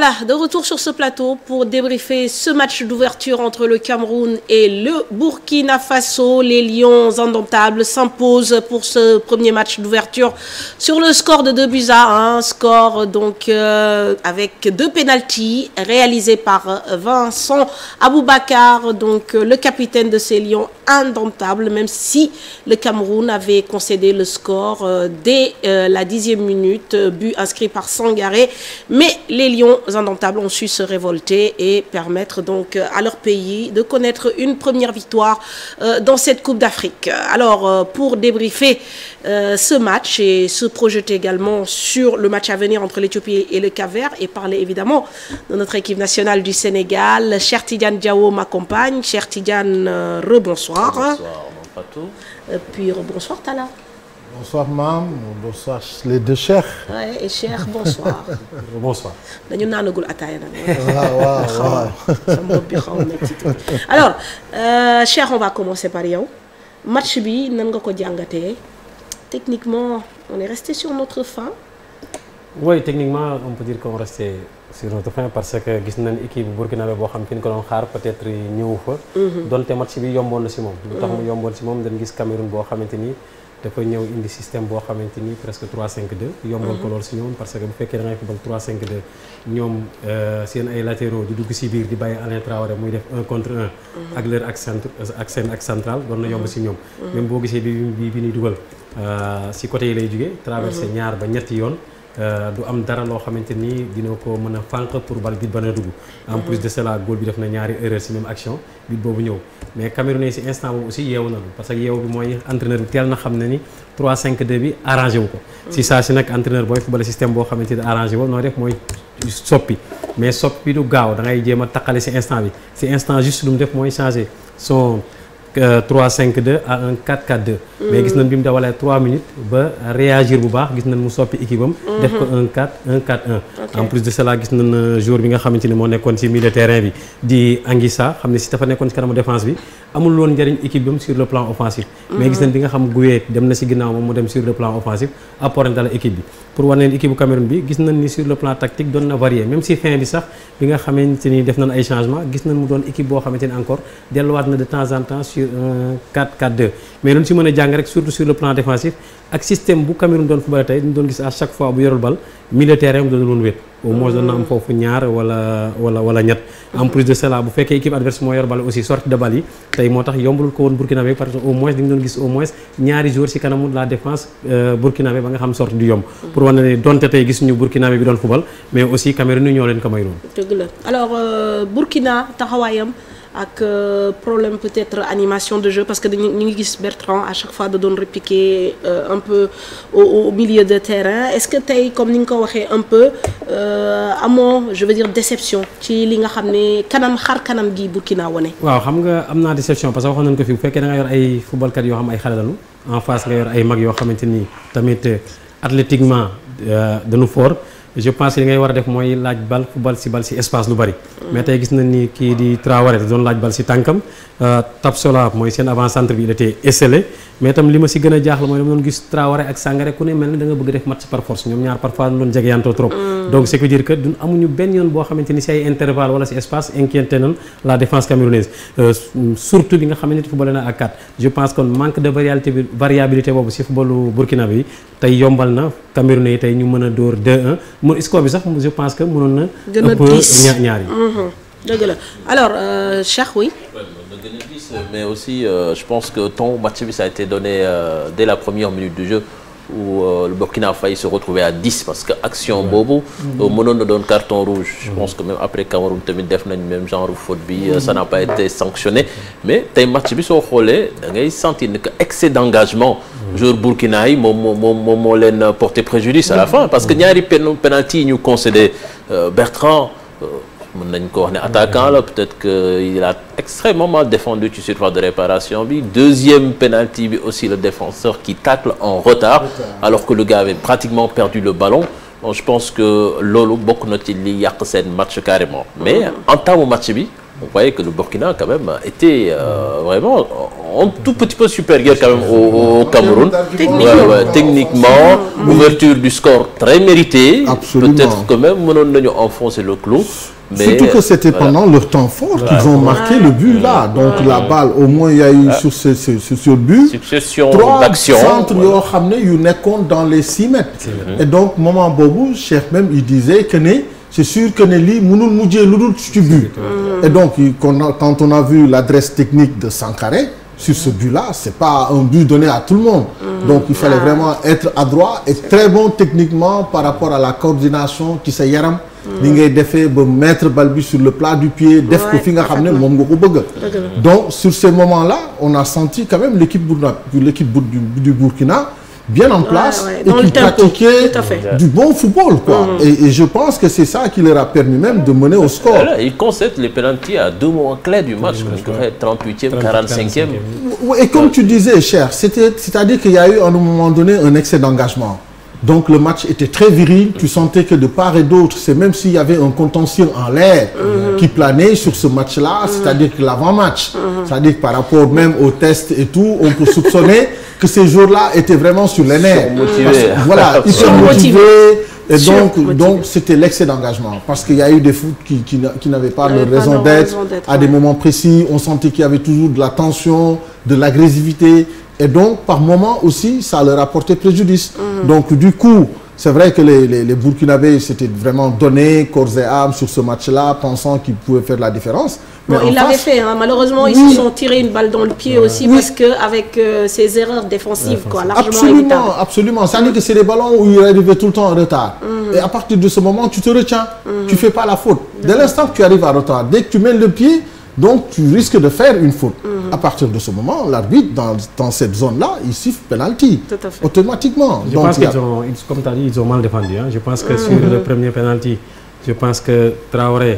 Voilà, de retour sur ce plateau pour débriefer ce match d'ouverture entre le Cameroun et le Burkina Faso. Les Lions indomptables s'imposent pour ce premier match d'ouverture sur le score de 2 buts à 1. Score donc euh, avec deux pénalties réalisés par Vincent Aboubakar, donc euh, le capitaine de ces Lions indomptables, même si le Cameroun avait concédé le score euh, dès euh, la dixième minute, but inscrit par Sangaré. Mais les Lions indomptables ont su se révolter et permettre donc euh, à leur pays de connaître une première victoire euh, dans cette Coupe d'Afrique. Alors, euh, pour débriefer ce match et se projeter également sur le match à venir entre l'Éthiopie et le Cap-Vert et parler évidemment de notre équipe nationale du Sénégal, Cher Tidiane Diawo m'accompagne. Cher Tidiane, rebonsoir. Bonsoir, rebonsoir, Tala. bonsoir maam bonsoir les deux cheikhs. oui cheikh bonsoir. bonsoir. dañu naanagul ataaya nag. Ah, waaw waaw waaw xaw euh, par yow match bi nan nga ko jàngatee techniquement on est resté sur notre fin. oui techniquement on peut dire qu'on restait sur notre fin parce que gis nañ équipe bu burkinabé boo xam fi ñu ko doon xaar peut-être ñëw fa. Mhm. donte match bi yomboon na si moom. lu tax mu mhm. yomboon si moom dañ gis Cameroun boo xamante ni. dafa ñëw indi système boo xamante ni presque 3 cinq 2 mhm. yombal ko lool si ñoom parce que bu fekkee da ngay football 3-5-2 ñoom euh, seen ay latero di dugg si biir di bàyyi Alain Traoré muy def un contre un. Mhm. ak leur ak centre euh, ak seen ak central doon na yomb mhm. si ñoom. même boo gisee bi bi bi ñuy dugal euh, si côté yi lay jugee. traversé ñaar ba ñetti yoon. Euh, du am dara loo xamante ni dina ko mën a fànq pour bal bit ba na dugg. en plus de cela góol bi def na ñaari erreur ci même action bit boobu ñëw mais Camerounais ci instant boobu aussi yeewu na parce que yeewu bi mooy entraîneur bi teel na xam ne ni 3-5-2 bi arrangé wu ko. ci saa si nag entraîneur booy football système boo xamante ni arrangé woo noo def mooy soppi mais soppi du gaaw da ngay jéem a taqale si instant bi ci instant juste lu def mooy changé son. 3-5-2 à un 4-4-2. mais gis nañ bi mu dawalee 3 minutes ba réagir bu baax gis nañ mu soppi équipe am. Mhm. def ko un 4 1 4 1. en plus de cela gis nañ jour bi nga xamante ni moo nekkoon ci milieu de terrain bi di Anguissa xam ne si dafa nekkoon ci kanamu défense bi amul woon njëriñ équipe bi sur le plan offensif. mais gis mhm. nañ bi nga xam Gouye dem na ci ginnaaw moom mu dem sur le plan offensif apporté la équipe bi. pour wane leen équipe bu Cameroun bi gis nañ ni sur le plan tactique doon na varié même si fin bi sax bi nga xamante ni def nañ ay changement gis nañ mu doon équipe boo xamante ni encore delluwaat na temps en temps sur un 4-4-2 lu ñu si mën jàng rek surtout sur le plan défensif ak système bu Cameroun doon football tey ñu doon gis à chaque fois bu yorul bal milieu terrain mu doon wéet. au moins dana am foofu ñaar wala wala wala ñett en plus de cela bu fekkee équipe adverse moo yor bal aussi sortie de balle yi tey moo tax yombalul ko woon burkinabé parce que au moins di nga doon gis au moins ñaari joueurs ci kanamu la défense euh, burkinabé ba nga xam sortie du yomb pour wane ne donte tey gis ñu burkinabé bi doon fubal mais aussi Cameroun ñoo leen ko may noonu euh, Burkina taxawaayam ak euh, problème peut-être animation de jeu parce que dañu ñu ngi gis Bertrand à chaque fois da doon répliquer euh, un peu au, milieu de terrain est-ce que tey comme ni nga ko waxee un peu euh, amoo je veux dire déception ci li nga xam ne kanam xar kanam gi Burkina wane. waaw xam nga am naa déception parce que waxoon nañu ko fi bu fekkee da nga yor ay footballkat yoo xam ay xale lañu en face nga yor ay mag yoo xamante nii tamit athlétiquement danu foor je pense que li ngay war a def mooy laaj bal fu bal si bal si espace lu bari. mais tey gis na ni kii di Traoré doon laaj bal si tànkam euh, Tapsola mooy seen avant centre bi il était esselé mais itam li ma si gën a jaaxle mooy dama doon gis Traoré ak Sangaré ku ne mel ni da nga bëgg def match par force ñoom ñaar parfois ñu doon jegeyantoo trop. Mm. donc ce qui veut dire que duñ amuñu benn yoon boo xamante ni si ay intervalle wala si espace inquiété nañ la défense camerounaise euh, surtout bi nga xamante ni footballé na à 4 je pense que manque de variabilité variabilité boobu si footballu Burkina bi tey yombal na. Cameroun yi tey ñu mën a door 2-1 mu score bi sax je pense que mënoon na. gën a ëpp ñaar yi. Mhm. dëgg la alors euh, Cheikh euh, oui. mais aussi euh, je pense que ton match bi ça a été donné euh, dès la première minute du jeu. où euh, le Burkina a failli se retrouver à 10 parce que action boobu mhm. euh, mënoon na doon carton rouge je mhm. pense que même après Cameroun tamit def nañ même genre faute bi euh, ça mhm. n'a pas été sanctionné mais tey match bi soo xoolee da ngay sentir ne que excès d'engagement joueur burkina yi moom moo moom moo leen porté préjudice à la fin parce que ñaari penalty yi ñu concédé euh, Bertrand mën nañ ko wax ne attaquant la peut-être que il a extrêmement mal défendu ci surface de réparation bi deuxième penalty bi aussi le défenseur qui tacle en retard alors que le gars pratiquement perdu le ballon je pense que loolu bokk na ci li yàq seen match carrément mais mm-hmm. en temps match bi on voyait que le Burkina quand même était euh, vraiment un tout petit peu supérieur quand même au, au Cameroun techniquement, ouais, ouais, techniquement ouverture du score très méritée peut-être que même mënoon nañu enfoncer le clou Mais Surtout que c'était voilà. pendant leur temps fort voilà. qu'ils ont marqué ouais. le but là. Donc ouais. la balle, au moins il y a eu ouais. sur ce, ce, sur ce but. Succession d'action. Trois centres yoo xam ne yu nekkoon dans les 6 mètres. Et donc moment boobu Cheikh même il disait que ne c'est sûr que ne lii mënul mujjee lu dul ci but. Mm. Et donc quand on a vu l'adresse technique de Sankaré. sur ce but-là c'est pas un but donné à tout le monde mmh, donc il fallait ah. vraiment être adroit et très bon techniquement par rapport à la coordination ci sa yaram ni ngay defee ba mettre bal bi sur le plat du pied def ko fi nga xam ne moom nga ko bëgg donc sur ces moments là on a senti quand même l'équipe Burkina l'équipe du Burkina bien en place ouais, ouais. et qui pratiquait du bon football mm. et, je pense que c'est ça qui leur a permis même de mener au score là, ils les pénaltys à deux moments clés du match e 45e ouais, et comme tu disais cher c'était c'est-à-dire qu'il y a eu à moment donné un excès d'engagement donc le match était très viril tu sentais que de part et d'autre c'est même s'il y avait un contentieux en l'air qui planait sur ce match-là c'est-à-dire que l'avant-match c'est-à-dire que par rapport même aux tests et tout on peut soupçonner que ces jours-là étaient vraiment sur les nerfs que, voilà ils sont motivés et donc motivés. donc c'était l'excès d'engagement parce qu'il y a eu des foot qui qui, qui n'avaient pas leur raison d'être à des moments précis on sentait qu'il y avait toujours de la tension de l'agressivité et donc par moment aussi ça leur a porté préjudice mmh. donc du coup c'est vrai que les les, les Burkinabés s'étaient vraiment donnés corps et âme sur ce match-là pensant qu'ils pouvaient faire la différence mais bon, ils l'avaient fait hein. malheureusement oui. ils se sont tiré une balle dans le pied ouais. aussi oui. parce que avec euh, ces erreurs défensives ouais, quoi largement absolument, évitables absolument c'est-à-dire que c'est des ballons où ils arrivaient tout le temps en retard mmh. et à partir de ce moment tu te retiens mmh. tu fais pas la faute dès mm. l'instant que tu arrives en retard dès que tu mets le pied Donc tu risques de faire une faute. Mm -hmm. À partir de ce moment, l'arbitre dans dans cette zone-là, il siffle penalty automatiquement. Je Donc, pense a... qu'ils ont comme tu as dit, ils ont mal défendu hein. Je pense que mm -hmm. sur mhm. le premier penalty, je pense que Traoré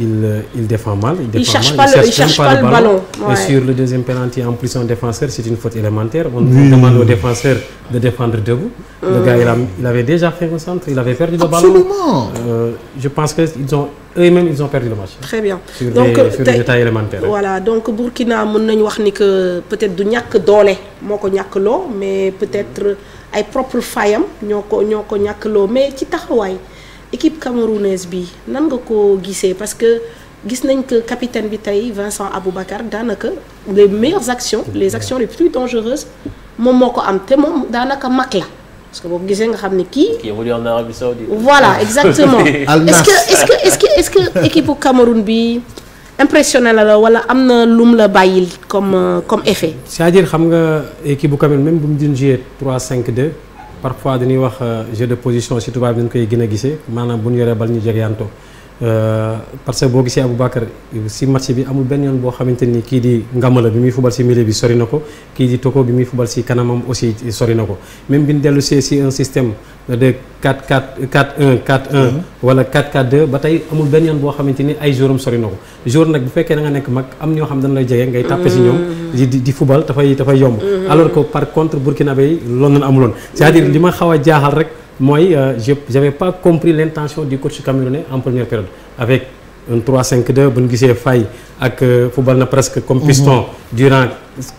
il euh, il défend mal. il défend mal il le ballon ouais. sur le deuxième penalty en plus un défenseur c'est une faute élémentaire. on, oui. on demande au défenseur de défendre debout. Euh. il, avait déjà fait un centre il avait perdu Absolument. ballon. Euh, je pense que ils ont eux-mêmes ils ont perdu le match. très bien donc Burkina mën nañu wax ni que peut-être du ñàkk doole moo ko ñàkk loo mais peut-être ay propre fayam ñoo ko ñoo ko ñàkk mais ci taxawaay. équipe camerounaise bi nan nga ko gisee parce que gis nañ que capitaine bi tey Vincent Aboubakar daanaka les meilleures actions les actions les plus dangereuses moom moo ko am te moom daanaka mag la parce que boo gisee nga xam ne kii. kii mu en Arabie Saoudite voilà exactement. est-ce que est-ce que est-ce que bi impressionné la la wala am na lum la bàyyi comme euh, comme effet. cest dire xam nga équipe bu Cameroun même bu mu doon jouer cinq 5 parfois dañuy wax euh, jeu de position si tubaab bi dañ koy gën a gisee maanaam bu ñu yoree bal ñu jegeyantoo Euh, parce que boo gisee Aboubacar si match bi amul benn yoon boo xamante ni kii di Ngamala bi muy fubal si milieu bi sori na ko kii di Toko bi muy fubal si kanamam aussi sori na ko même bi ñu dellu see si un système de 4 4 4 1 4 1. wala 4 4 2 ba tey amul benn yoon boo xamante ni ay jouram sori na ko jour nag bu fekkee da nekk mag am ñoo xam dañu lay jege ngay tàppe si ñoom. Mhm. di di fubal dafay dafay yomb. Mhm. alors que par contre burkinabé yi loolu la amuloon c'est-à-dire li ma xaw a jaaxal rek. mooy euh, je j'avais pas compris l'intention du coach camerounais en première période avec un 3 5 bu ñu gisee Faye ak euh, football na presque comme mhm. piston durant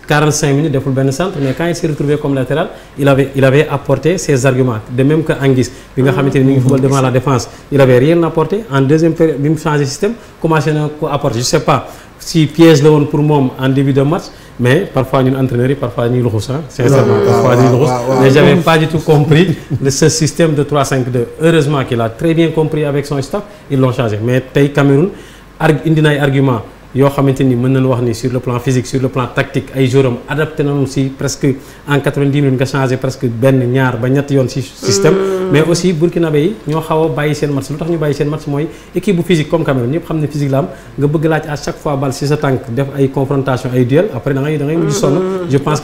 45 minutes deful benn centre mais quand il s'est retrouvé comme latéral il avait apporté ses arguments de même que Anguisse bi nga ah, xamante ni mi football devant la défense il avait rien apporté en deuxième période bi mu changé système commencé na ko apporter je sais pas si piège la woon pour moom en début de match mais parfois ñun entraîneurs yi parfois ñuy luxu sax sincèrement parfois ñuy luxu mais j'avais pas du tout compris ce système de heureusement qu'il a très bien compris avec son staff ils l'ont changé mais tey Cameroun ar na ay argument yoo xamante ni mën nañu wax ni sur le plan physique sur le plan tactique ay jouram adapté nañu si presque en 90 minutes nga changé presque benn ñaar ba ñett yoon si système hmm. mais aussi burkinabé yi ñoo xaw a bàyyi seen match lu tax ñu bàyyi seen match mooy équipe bu physique comme Cameroun ñëpp xam ne physique la am nga bëgg laaj à chaque fois bal si sa tànk def ay confrontation ay duel après da ngay da sonn hmm. je pense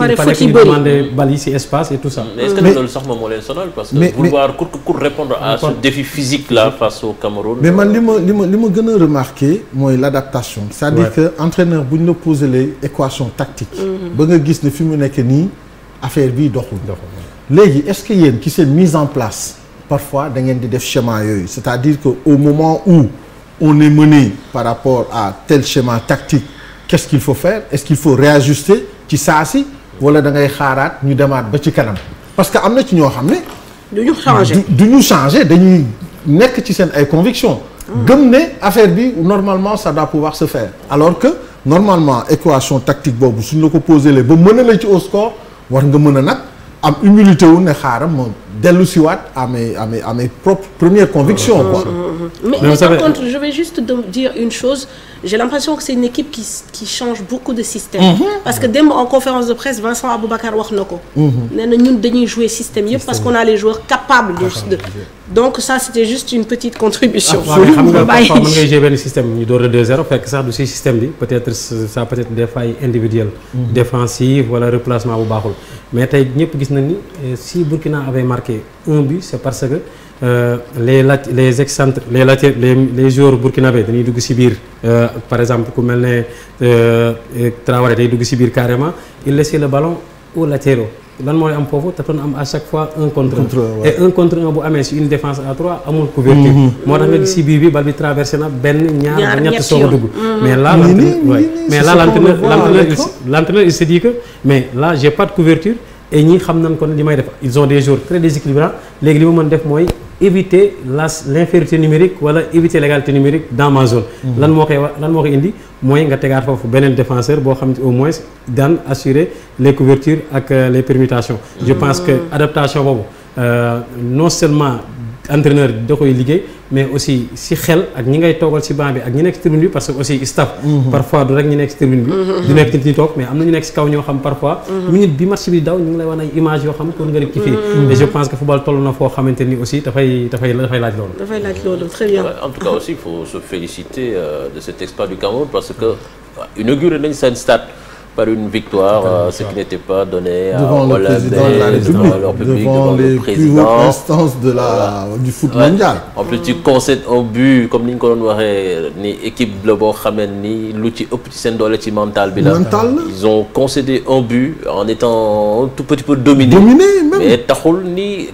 qu'il c'est-à-dire que bu ñu la posé les équations tactiques. Mhm. ba nga gis ne fi mu nekk nii affaire bi doxul. léegi est-ce que yéen ci seen mise en place parfois da ngeen di def schéma yooyu c'est-à-dire que au moment où on est mené par rapport à tel schéma tactique qu'est-ce qu'il faut faire est-ce qu'il faut réajuster ci saa si wala da ngay xaaraat ñu demaat ba ci kanam parce que am na ci ñoo xam ne. du ñu changer du ñu changer dañuy nekk ci seen ay convictions. gëm ne affaire bi normalement sa doit pouvoir sa faire alors que normalement équation tactique boobu suñ la ko posé lee ba mën a la ci au score war nga mën a nag am humilité wu ne xaaral ma dellu siwaat à mes à mes à mes propres premières convictions quoi. Mm, mm, mm, mais mais par contre je vais juste dire une chose j'ai l'impression que c'est une équipe qui qui change beaucoup de système. Mm-hmm. parce que démb en conférence de presse Vincent Aboubacar wax na ko. Mm-hmm. nee na ñun dañuy jouer système yëpp parce qu'on a les joueurs capables de donc ça c'était juste une petite contribution. Ah, bàyyi système ñu door a 2-0 fekk sax du si système bi peut-être ça peut-être des failles individuelles. Mm-hmm. défensives replacement bu baaxul mais tey ñëpp gis na ni euh, si Burkina avait marqué un but c'est parce que euh, les lat les excentres les latères les les joueurs dugg si biir euh, par exemple ku mel ne euh, Traoré day dugg si biir carrément il laissait le ballon aux latéraux lan mooy am foofu te doon am à chaque fois un contre un. bu amee si une défense à trois amul couverture. Mm-hmm. moo tax nga si biir bi bal bi traversé na benn ñaar ba ñett soog dugg. Mm-hmm. mais là mais là l'entraîneur l'entraîneur il se dit que mais là j'ai pas de couverture. et ñi xam nañ kon li may def ils ont des jours très déséquilibrants léegi li ma mën def mooy éviter la l'infériorité numérique wala éviter l'égalité numérique dans ma zone mmh. lan moo koy lan moo koy indi mooy nga tegaat foofu beneen défenseur boo xam ne au moins dan assurer les couvertures ak euh, les permutations je mmh. pense que adaptation boobu euh, non seulement entraîneur da koy liggéey mais aussi si xel ak ñi ngay toogal si banc bi ak ñi nekk si tribune bi parce que aussi staff mhm. parfois du rek ñi nekk si tribune bi mhm. du nekk nit ñi toog mais am na ñu nekk si kaw ñoo xam parfois mhm. minute bi match bi daw ñu ngi lay wan ay image yoo xam pour nga rek kiifee mais je pense que football toll na foo xamante ni aussi dafay dafay laaj loolu dafay laaj loolu très bien en tout cas aussi faut se féliciter euh, de cet exploit du Cameroun parce euh, par une victoire, euh, ce qui n'était pas donné devant le président de la République, devant, leur public, devant, devant les le plus hautes instances de la, voilà. du foot ouais. mondial. En plus, tu concèdes un but comme ni ñu ko doon waxee ni équipe la boo xamee ni lu ci ëpp ci seen doole ci mental bi la. mental ils ont concédé un but en étant un tout petit peu dominé. dominé même mais taxul ni.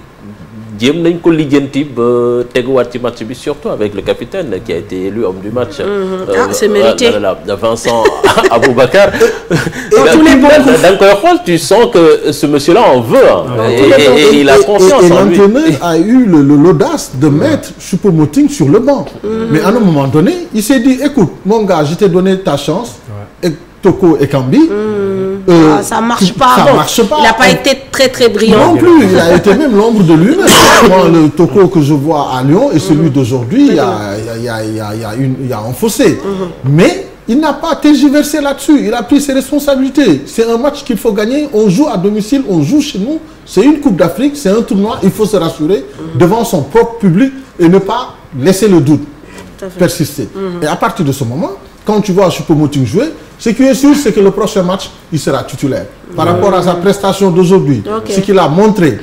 jéem nañ ko lijjanti ba teguwaat ci match bi surtout avec le capitaine qui a été élu homme du match. Mm-hmm. Euh, ah euh, c'est mérité voilà ah, Vincent Aboubacar. da nga koy xool tu sens que ce monsieur-là en veut. et il a confiance en lui et l'entraîneur a eu l'audace de mettre Choupo-Moting sur le banc. Mm-hmm. mais à un moment donné il s'est dit écoute mon gars je t'ai donné ta chance. Toko et Kambi. Mmh. Euh, ah, ça n'a pas été très très brillant. Non il a été même l'ombre de lui Toko que je vois à Lyon et celui hmm. d'aujourd'hui, il a un fossé. Hmm. Mais il n'a pas a pris ses responsabilités. C'est un match qu'il faut gagner. On joue à domicile, on joue chez nous. C'est une Coupe d'Afrique, c'est un tournoi. Il faut se rassurer hmm. devant son propre public et ne pas laisser le doute persister. Et à partir de ce moment, quand tu vois choupo jouer, Ce qui est sûr, c'est que le prochain match, il sera titulaire. Par rapport à sa prestation d'aujourd'hui, okay. ce qu'il a montré,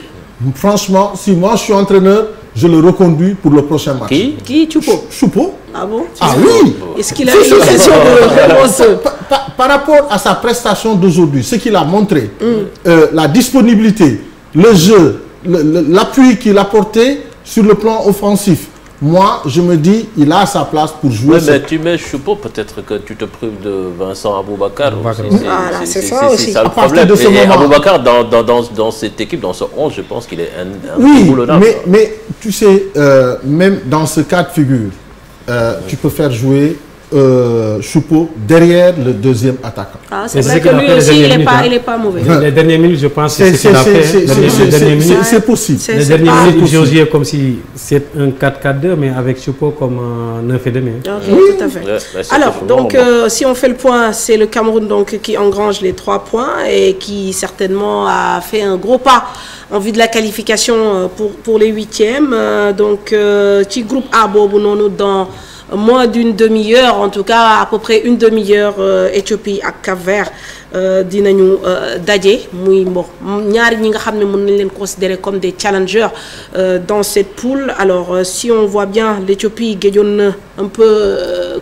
franchement, si moi je suis entraîneur, je le reconduis pour le prochain match. Qui Qui Choupo Choupo Ah bon Ah oui Est-ce qu'il a est une question de par, par, par, rapport à sa prestation d'aujourd'hui, ce qu'il a montré, mm. euh, la disponibilité, le jeu, l'appui qu'il a porté sur le plan offensif, moi, je me dis, il a sa place pour jouer. Oui, mais tu mets Choupo, peut-être que tu te prives de Vincent Aboubakar. Voilà, c'est ça aussi. Ça le à partir problème. de ce et, moment. Aboubakar, dans, dans, dans, dans, cette équipe, dans ce 11, je pense qu'il est un, un Oui, mais, mais, tu sais, euh, même dans ce cas de figure, euh, oui. tu peux faire jouer euh, Choupo derrière le deuxième attaquant. Ah, c'est vrai que lui aussi, Les dernières minutes, c'est a fait. C'est possible. Les dernières minutes, comme si c'est un 4-4-2, mais avec Choupo comme euh, si le Cameroun qui engrange les trois points et qui certainement a fait un gros pas en vue de la qualification euh, pour, pour les huitièmes. Euh, donc, euh, petit groupe A, Bobo, dans moins d'une demi-heure en tout cas à peu près une demi-heure euh, Éthiopie ak Cap-Vert euh, dinañu euh, daje muy mboq ñaari ñi nga xam ne mun nañ leen considérer comme des challengers dans cette poule alors si on voit bien l'Éthiopie géejoon na un peu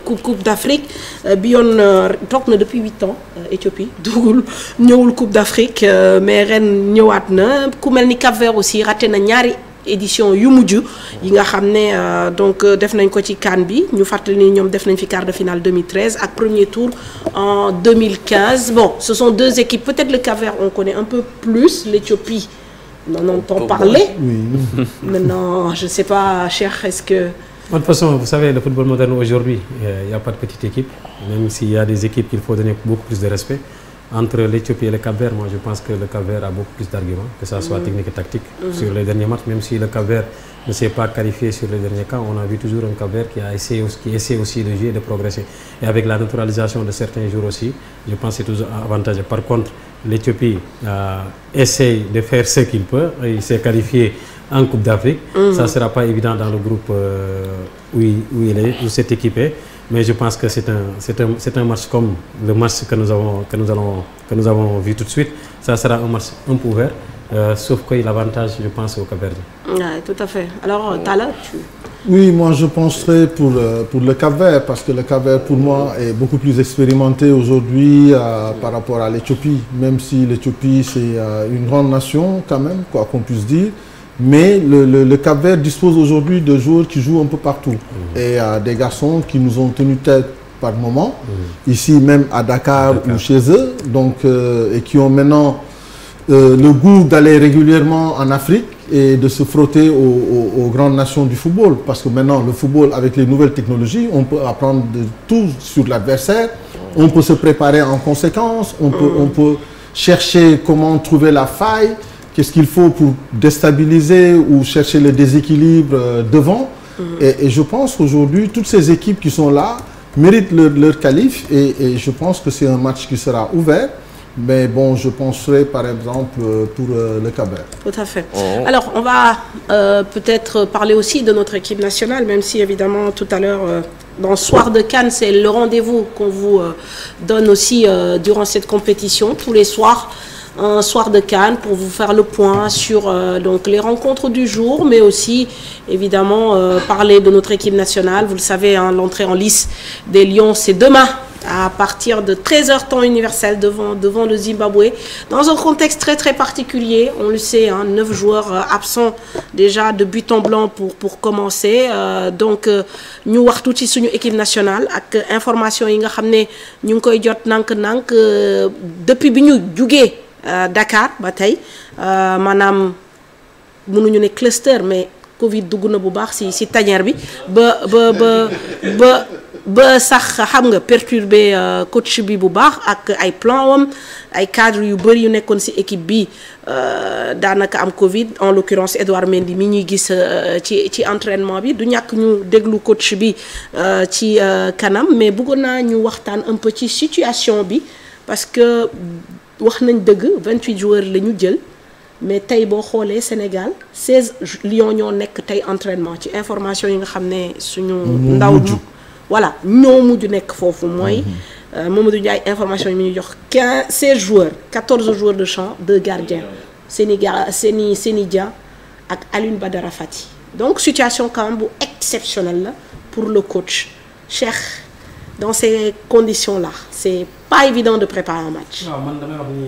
coupe coupe d'Afrique bi yoon toog na depuis huit ans Éthiopie dugul ñëwul coupe d'Afrique mais ren ñëwaat na ku mel ni Cap-Vert aussi raté na ñaari. édition yu mujj yi nga xam ne euh, donc euh, def nañ ko ci kan bi ñu fàttali ni ñoom def nañ fi quart de finale 2013 ak premier tour en 2015 bon ce sont deux équipes peut-être le cap on connaît un peu plus l'Éthiopie on entend parler oui. maintenant je sais pas cher est-ce que de toute façon, vous savez, le football moderne aujourd'hui, euh, il euh, n'y a pas de petite équipe, même s'il y a des équipes qu'il faut donner beaucoup plus de respect. entre l'Éthiopie et le Cap-Vert, je pense que le Cap-Vert a beaucoup plus d'arguments, que ça soit mmh. technique et tactique. Mmh. Sur les derniers matchs, même si le Cap-Vert ne s'est pas qualifié sur les derniers cas, on a vu toujours un Cap-Vert qui, a essayé, aussi de jouer de progresser. Et avec la neutralisation de certains jours aussi, je pense euh, qu'il s'est qualifié en Coupe d'Afrique, mm-hmm. ça sera pas évident dans le groupe euh, où, il, où, il est, mais je pense que c'est un c'est un c'est un match comme le match que nous avons que nous allons que nous avons vu tout de suite ça sera un match un peu ouvert euh, sauf que l'avantage je pense au Cap-Vert. Ouais, tout à fait alors euh, Talla tu... Oui, moi je penserais pour euh, pour le Cap-Vert parce que le Cap-Vert pour moi est beaucoup plus expérimenté aujourd'hui euh, par rapport à l'Éthiopie même si l'Éthiopie c'est euh, une grande nation quand même quoi qu'on puisse dire. Mais le, le, le Cap-Vert dispose aujourd'hui de joueurs qui jouent un peu partout. Mmh. Et euh, des garçons qui nous ont tenu tête par moment, mmh. ici même à Dakar, Dakar, ou chez eux, donc, euh, et qui ont maintenant euh, le goût d'aller régulièrement en Afrique et de se frotter aux, aux, aux, grandes nations du football. Parce que maintenant, le football, avec les nouvelles technologies, on peut apprendre de tout sur l'adversaire, on peut se préparer en conséquence, on peut, mhm. on peut chercher comment trouver la faille. qu'est-ce qu'il faut pour déstabiliser ou chercher le déséquilibre euh, devant. Mm -hmm. et, et, je pense aujourd'hui toutes ces équipes qui sont là méritent leur, leur qualif et, et, je pense que c'est un match qui sera ouvert. Mais bon, je penserais par exemple euh, pour euh, le Cabaret. Tout à fait. Oh. Alors, on va euh, peut-être parler aussi de notre équipe nationale, même si évidemment tout à l'heure, euh, dans Soir de Cannes, c'est le rendez-vous qu'on vous euh, donne aussi durant cette compétition. Tous les soirs, un soir de Cannes pour vous faire le point sur euh, donc les rencontres du jour, mais aussi évidemment euh, parler de notre équipe nationale. Vous le savez, hein, l'entrée en lice des Lions, c'est demain à partir de 13h temps universel devant, devant le Zimbabwe, dans un contexte très très particulier. On le sait, hein, 9 joueurs euh, absents déjà de but en blanc pour, pour commencer. Euh, donc, euh, ñu wax tuuti suñu équipe nationale ak information yi nga xam ne ñu ngi koy jot nank-nank euh, depuis bi ñu jugee Euh, Dakar ba tey euh, maanaam mënuñu ne cluster mais Covid dugg na bu baax ci ci tanière bi ba ba ba ba ba sax xam nga perturbé euh, coach bi bu baax ak ay plan wam ay cadre yu bëri yu nekkoon ci équipe bi daanaka am Covid en l'occurrence Edouard Mendy mi ñuy gis ci ci entraînement bi du ñàkk ñu déglu coach bi ci kanam mais buggoon naa ñu waxtaan un peu ci situation bi parce wax nañ dëgg 28 joueurs la ñu jël mais tey boo xoolee Sénégal 16 lions ñoo nekk tey entraînement ci information yi nga xam ne suñu ndaw ju voilà ñoo mujj nekk foofu mooy moom euh, Mamadou Ndiaye information yi mu ñu jox 15 16 joueurs 14 joueurs de champ 2 gardiens Seny Seny Seny Dia ak ba Alioune Badara yi donc situation quand même bu exceptionnelle la pour le coach Cheikh dans ces conditions la c'est pas évident de préparer un match. waaw man damay wax ni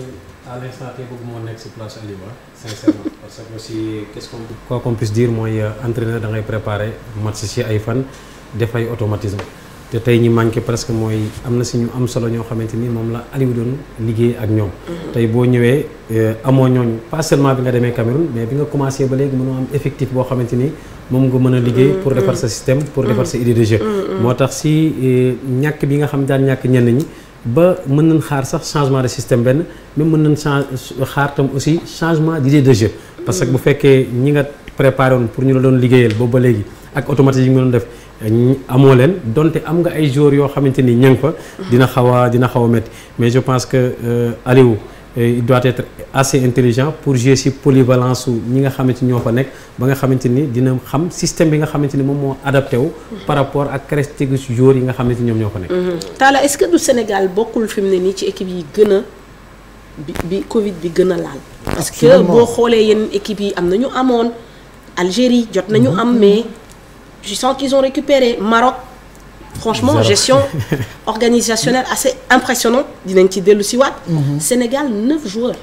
à l'instant tey moo nekk si place Aliou sincèrement parce que aussi qu'est-ce qu'on quoi qu'on mooy euh, entraîneur da ngay préparer match si ay fan defay ay automatisme te tey ñi manqué presque mooy am na si ñu am solo ñoo xamante ni moom la Aliou doon liggéey ak ñoom. Mhm. tey boo ñëwee euh, amoo ñooñu pas seulement bi nga demee Cameroun mais bi nga commencé ba léegi mënoo am effectif boo xamante ni. moom nga mën a liggéey mm-hmm. pour defar sa système pour mm-hmm. defar sa idée de jeu mm-hmm. moo tax si eh, ñàkk bi nga xam daan ñàkk ñenn ñi ba mën nañ xaar sax changement de système benn mais mën nañ xaar tam aussi changement d'idée de jeu parce que bu fekkee ñi nga préparé woon pour ñu la doon liggéeyal boobu ba léegi ak automatique yi nga doon def amoo leen donte am nga ay jours yoo xamante ni ña nga fa dina xaw a dina xaw a métti mais je pense que euh, Aliou il doit être assez intelligent pour jouer ci polyvalence su ñi nga xamante ñoo fa nekk ba nga xamante ni dina xam système bi nga xamante ni moom moo adapté wu. par rapport ak caractéristiques joueurs yi nga xamante ñoom ñoo fa nekk. Mhm. Talla est-ce du Sénégal bokkul fi mu ne nii ci équipe yi gën a bi bi Covid bi gën a laal. parce que boo xoolee yenn équipe yi am na ñu amoon Algérie jot nañu mhm. am mais je sens qu'ils ont récupéré franchement Zéro. gestion organisationnelle assez impressionnante dinañ ci dellu si waat. Mhm. Sénégal neuf joueurs.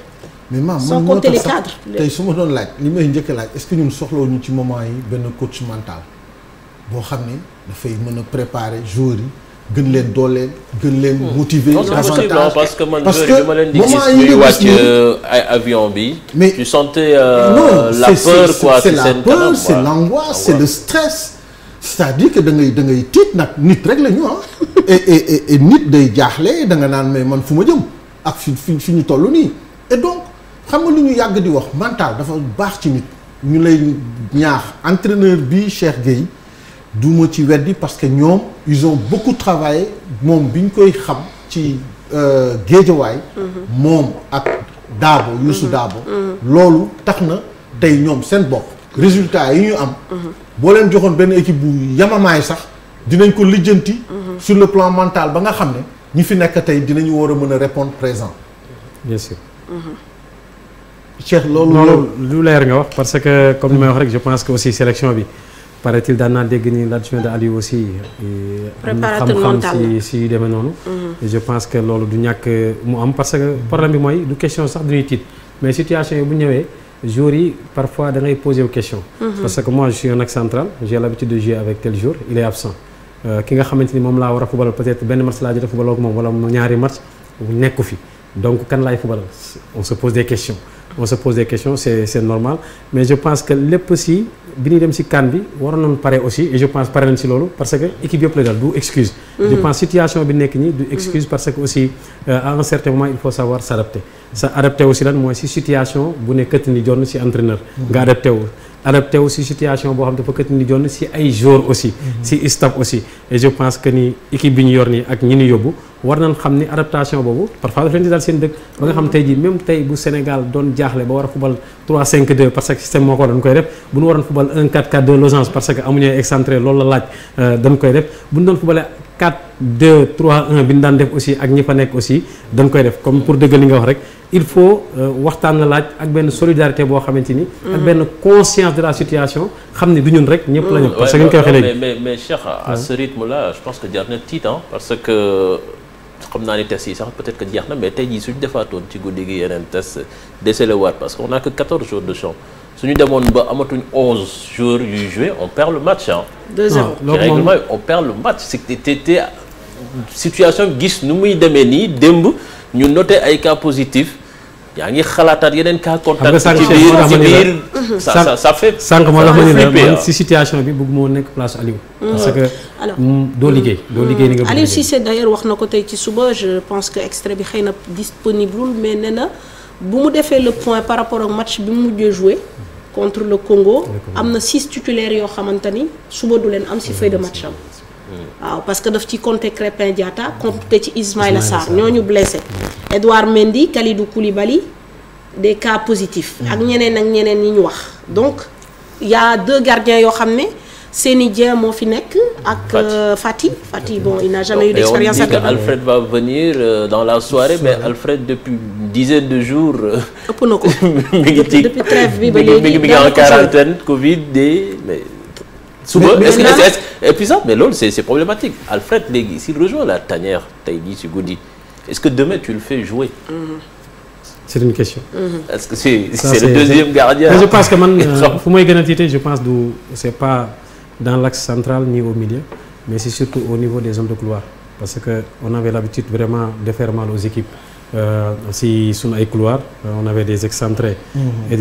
mais maam sans compter les cadres su ma doon laaj li may njëkk laaj est-ce que ñun ñu ci moment yi benn coach mental boo xam ne dafay mën a préparer joueurs yi. gën leen dooleel gën leen mhm. motiver. davantage parce que man joueur yi ma leen di gis ñuy wàcc ay bi. mais tu sentais euh, la peur quoi c'est la peur c'est l'angoisse c'est ah, le stress. c'est-à-dire que da ngay da ngay tiit nag nit rek la ñu ah nit day jaaxle da nga naan mais man fu ma jëm ak fi fi fi ñu toll nii et xam nga lu ñu yàgg di wax mental dafa baax ci nit ñu lay ñaax entraîneur bi Cheikh Gueye du ma ci weddi parce que ñoom ils ont beaucoup travaillé moom bi ñu koy xam ci euh, géejawaay mm-hmm. moom ak Daabo Youssou mm-hmm. Daabo mm-hmm. loolu tax na tey ñoom seen bopp résultat yi ñu am. boo leen joxoon benn équipe bu yamamaay sax dinañ ko lijjanti. sur le plan mental ba nga xam ne ñi fi nekk tey dinañu war a mën a répondre présent. bien sûr. Cheikh loolu. loolu lu leer nga wax parce que comme ni may wax rek je pense que aussi sélection bi paraît-il daan naa dégg ni l'adjoint de Aliou aussi. Euh, xam-xam si si yu demee noonu. Mhm. je pense que loolu du ñàkk mu am parce que problème bi mooy du question sax du ñuy tiit mais situation yi bu ñëwee. jours yi parfois da ngay question. Mhm. parce que moi je suis un axe central l'habitude de jour il est absent. Euh, ki nga xamante ni moom laa war a fubal peut-être benn match laa jot a fubaloo ak moom wala ñaari match nekku fi donc kan laay fubal on se pose des questions. on se pose des questions c'est c'est normal mais je pense que lépp si bi ñuy dem si CAN bi waroon nañu pare aussi je pense pare nañ si loolu parce que équipe yëpp la dal du excuse. Mhm. je mhm. que aussi euh, à un certain moment il faut sa adapté wu si lan mooy si situation bu ne këtt ni jonn si entraîneur nga adapté wu si situation boo xam dafa këtt ni jonn si ay joueurs aussi mhm. si staff aussi et je pense que ni équipe bi ñu yor nii ak ñi ñu yóbbu war nañ xam ni adaptation boobu parfois daf leen di dal seen dëkk ba nga xam tey jii même tey bu Sénégal doon jaaxle ba war a fubal 3 5 2 parce que système moo ko euh, dañ koy def bu ñu waroon fubal 1 4 4 2 losange parce que 4 2 3 1 bi ñu daan def aussi ak ñi fa nekk aussi dañ koy def comme pour dëggal li nga wax rek il faut euh, waxtaan na laaj ak benn solidarité boo xamante ni. ak mm. benn conscience de la situation xam ne du ñun rek. ñëpp la ñu mm. parce que ñu koy waxee mais mais Cheikh à ce rythme là je que jar na naa ni test yi sax peut-être jeex na mais tey jii suñu defaatoon ci guddi gi yeneen test décelé waat parce qu'on a que 14 jours de champ suñu demoon ba amatuñ onze joueurs yuy jouer on perd le match ah. 2-0 règlement on perd le match situation gis nu muy demee nii démb ñu noté ay cas positifs. yaa ngi xalaataan yeneen cas contact ci biir ci biir ça ça ça fait ma ne situation bi bëgg moo nekk place Aliou mm. parce que doo liggéey doo liggéey ni nga Aliou Cissé d'ailleurs wax na ko tey ci suba je pense que extrait bi xëy na disponible mais nee na bu mu defee le point par rapport ak match bi mu mujjee joué contre le Congo am na six titulaires yoo xamante ni suba du leen am si feuille de match waaw parce que daf ci compter Crépin Diatta compter ci Ismaïla Sarr ñooñu blessé Edouard Mendy Kalidou Koulibaly des cas positif ak ñeneen ak ñeneen yi ñu wax donc y a deux gardiens yoo xam ne Seny Dieng moo fi nekk ak Fati euh, Fati bon il n'a jamais eu d'expérience avec Alfred va venir euh, dans la soirée mais Alfred depuis dizaine de jours euh, ëpp Covid de mais suba est-ce que c'est et puis ça mais loolu c'est c'est problématique Alfred s'il rejoint la tanière tey jii si guddi est-ce que demain tu le fais jouer mm-hmm. c'est une question. Mm-hmm. est-ce que c'est le deuxième gardien je pense que man fu may gën a tiite je pense du c'est pas dans l'axe central ni au milieu, mais c'est surtout au niveau des hommes de couloir. Parce qu'on avait l'habitude vraiment de faire mal aux équipes. Euh, si ay couloir euh, on avait des excentrés. Mm-hmm. et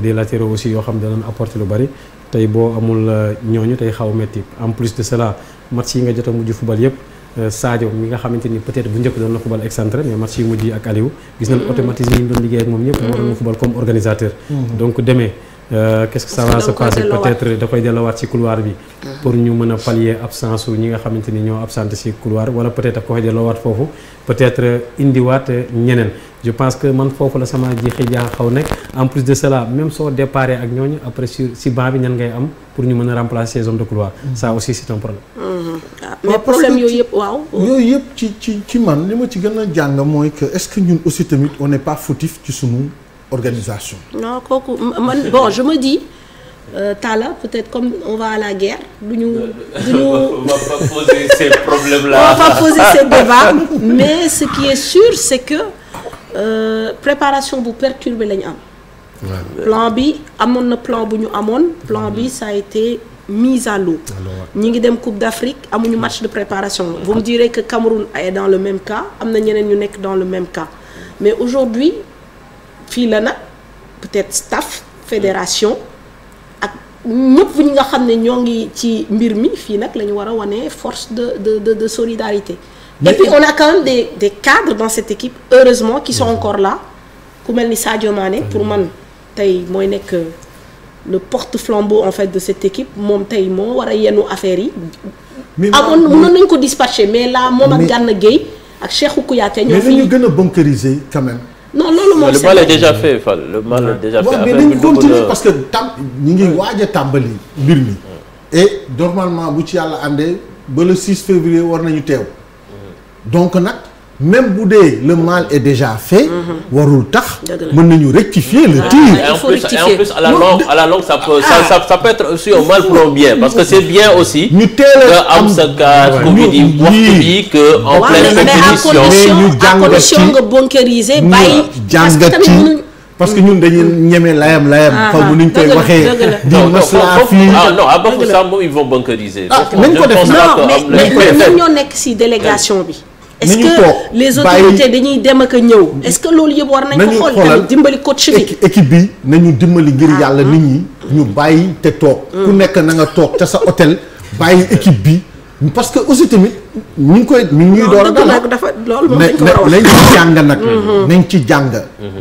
des et aussi yoo xam ne danañ apporter lu bari. tey boo amul euh, ñooñu tey xaw metti en plus de cela match yi nga jot a mujj football yëpp euh, Sadio mi nga xamante ni peut-être bu njëkk doon na football excentré mais match yi mujj yi ak Aliou. gis nañ mm-hmm. automatisme yi ñu doon liggéey ak moom Euh, qu'est-ce que ça va se peut-être da koy delluwaat ci couloir bi. Ah. pour ñu mën a pallier absence su ñi nga xamante ni ñoo absente ci couloir wala peut-être da koy delluwaat foofu peut-être indiwaat ñeneen. je pense que man foofu la sama jiixi jaaxa xaw nekk en plus de cela même soo déparé ak ñooñu après sur si banc bi ñan ngay am pour ñu mën a remplacer ces de couloir. Mm-hmm. ça aussi c'est un problème. Mm-hmm. Ah, mais problème yooyu yëpp waaw. yooyu yëpp organisation. non kooku man bon je me dis. Euh, Talla peut-être comme on va à la guerre du ñu. du ñu on va pas poser ces problèmes-là. on va pas poser ces débats mais ce qui est sûr c'est que euh, préparation bu perturbé la ñu am. plan bi amoon na plan bu ñu amoon. plan bi ça a été mise à l'eau ñi ngi dem Coupe d'Afrique amuñu match de préparation. vous me direz que Cameroun est dans le même cas am na ñeneen ñu nekk dans le même cas mais aujourd'hui fii la nag peut-être staff fédération ak ñëpp ñu nga xam ne ñoo ngi ci mbir mi fii nag la ñu war a wane force de de de de solidarité. et puis on a quand même des des cadres dans cette équipe heureusement qui sont encore là ku mel ni Sadio Mané pour man tey mooy nekk le porte-flambeau en fait de cette équipe moom tey moo war a yenu affaire yi. amoon mënoon nañ ko dispatcher mais la moom ak Gana Gueye ak Cheikhou Kouyaté ñoo fi mais nañu gën a bunkériser quand même. non loolu moom le mal est déjà fait Fall le mal est déjà parce que tam ñu ngi waaj tàmbali mbir mi hmm. et normalement bu ci yàlla àndee ba le 6 février war nañu teew hmm. donc nag même bu dee le mal est déjà fait. Mhm. warul tax. mën nañu rectifier le ah, tir. il faut rectifier et en plus la longue ah. parce que c'est bien aussi. ñu teel a am sa cas. ñu di waxtu bi que nga bunkériser parce que ñun dañuy mm-hmm. ñeme layam layam. Ah, xaw ma nuñ koy waxee. di maslaa fii ah non ah ba ça moom nañ ko def nekk si délégation bi. est-ce que les autorités dañuy dem ak a ñëw est-ce que loolu yëpp war nañ ko xool tamit dimbali coach bi équipe bi nañu dimbali ngir ah, yàlla ah. nit ñi ñu bàyyi te toog hmm. ku nekk na nga toog ca sa hôtel bàyyi équipe bi parce que aussi tamit ñu ngi koy mu ngi door a dal dafa loolu nañ ci jàng nag hmm, hmm. nañ ci jàng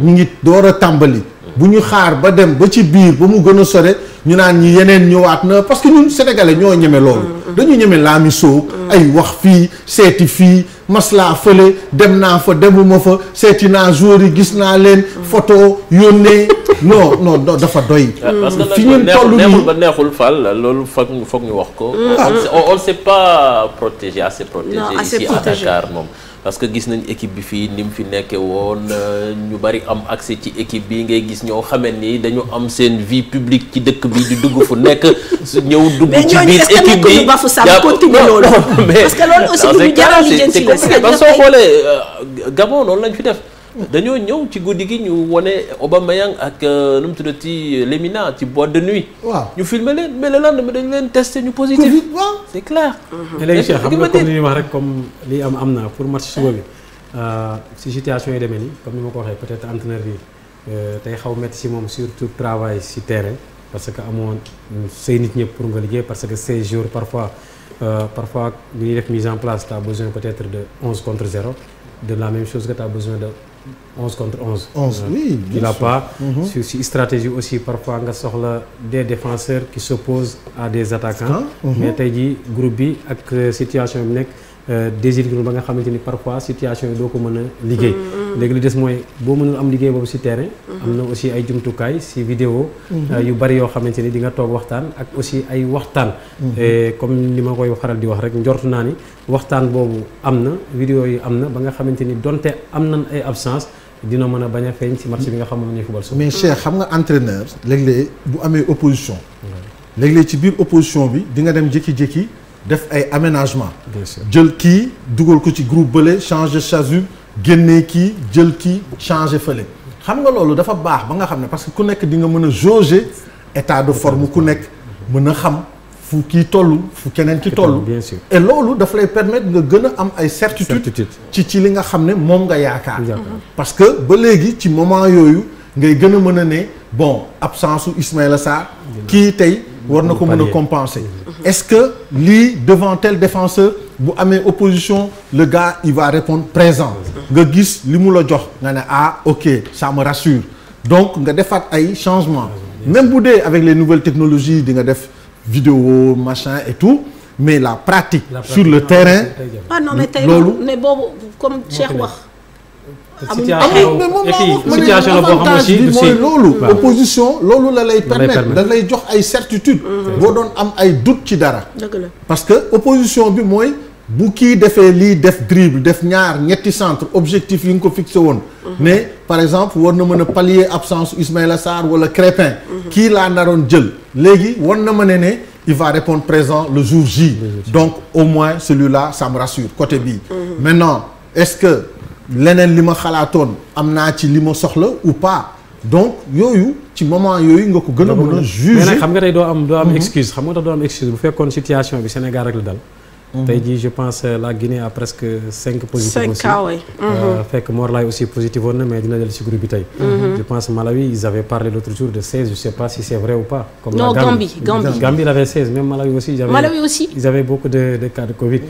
ñu ngi door a tàmbali bu ñu xaar ba dem ba ci biir ba mu gën a sore ñu naan ñi yeneen ñëwaat na parce que ñun sénégalais ñoo ñeme loolu. dañu ñeme mi soow ay wax fii seeti fii maslaa fële dem naa fa demuma fa seeti naa joueur yi gis naa leen. photo yónnee. non no non dafa doy. Ah, fi ñu toll nii neexul ba neexul fal loolu foog foog ñu wax ko. Mm-hmm. on ne s'est pas protégé se protégé. ici à Dakar moom. parce que gis nañ équipe bi fii ni mu fi nekkee woon euh, ñu bari am accès ci équipe bi ngay gis ñoo xamee nii dañu am seen vie publique ci dëkk bi di dugg fu nekk su ñëw dugg ci biir équipe bi mais parce que loolu aussi du ñu jaral li jën si la parce soo xoolee euh, Gabon noonu lañ fi def dañoo ñëw ci guddi gi ñu wone Aubameyang ak euh, nu mu tuddati Lemina ci boîte de nuit. waaw ñu filmer leen mais le lendemain dañu leen testé ñu positif. waaw c'est clair. mais léegi Cheikh xam nga comme comme li am am na pour match suba euh, si situation yi demee nii comme ni ma ko waxee peut-être entraîneur bi tey euh, xaw metti si moom surtout travail si terrain parce que amoon say nit ñëpp pour nga liggéey parce que 16 jours parfois parfois bu ñuy def mise en place t'as besoin peut-être de 11 contre 0 de la même chose que t'as besoin 11 contre 11. 11 oui euh, il a pas. Mhm. sur si stratégie aussi parfois nga soxla des défenseurs qui s'opposent à des attaquants. Mhm. mais tey jii groupe bi ak situation bi nekk. Euh, déséquilibre ba nga xamante ni parfois situation yi doo ko mën a liggéey. Mm, mm. léegi li des mooy boo mënul am liggéey boobu si terrain. Mm-hmm. am na aussi ay jumtukaay si vidéo. Mm-hmm. Euh, yu bari yoo xamante ni di nga toog waxtaan ak aussi ay waxtaan. Mm-hmm. comme li ma koy xaral di wax rek njort naa ni waxtaan boobu am na vidéo yi am na ba nga xamante ni donte am nañ ay absence dina mën a bañ a feeñ si match bi nga xam moom la ñuy fubal mais Cheikh xam nga entraîneur léeg-léeg bu amee opposition. léeg-léeg ci def ay aménagement jël kii dugal ko ci groupe bële changer chasuble génnee kii jël kii changer fale xam nga loolu dafa baax ba nga xam ne parce que ku nekk di nga mën a jauger état de forme ku nekk mën a xam fu kii toll fu keneen ki toll bien loolu daf lay permettre nga gën a am ay certitude ci ci li nga xam ne moom nga yaakaar mhm. parce que ba léegi ci moment yooyu ngay gën a mën a ne bon absence u Ismaïla Sarr kii tey war na ko mën a compenser est-ce que lii devant tel défenseur bu amee opposition le gars il va répondre présent nga gis li mu la jox nga ne ah ok ça me rassure donc nga defaat ay changement même bu dee avec les nouvelles technologies di nga def vidéo machin et tout mais la pratique, la sur le terrain ah non mais tey loolu mais boobu comme Cheikh wax situation situation la boo xam aussi bi mooy loolu opposition loolu la lay permettre da lay jox ay certitude mhm. boo doon am ay doute ci dara parce que opposition bi mooy bu kii defee lii def dribble def ñaar ñetti centre objectif yi nga ko fixé woon mhm. ne par exemple war na mën a pallier absence Ismaïla Sarr wala Crépin mhm. kii laa naroon jël léegi war na mën a ne il va répondre présent le jour J donc au moins celui-là ça me rassure côté bii maintenant est-ce que leneen li ma xalaatoon am naa ci li ma soxla ou pa donc yooyu ci moment yooyu nga ko gën a mën a nag xam nga tey doo am doo am mhm. excuse xam nga tax doo am excuse bu fekkoon situation bi Sénégal rek la dal Mhm. tey jii je pense la Guinée a presque cinq positifs aussi euh, mhm. fekk Morlaay aussi positif woon na mais dina dellu si groupe bi tey mhm. je pense Malawi ils avaient parlé l'autre jour de 16 je sais pas si c'est vrai ou pas comme non Gambie Gambie Gambie il avait 16 Malawi aussi ils avaient beaucoup de cas de Covid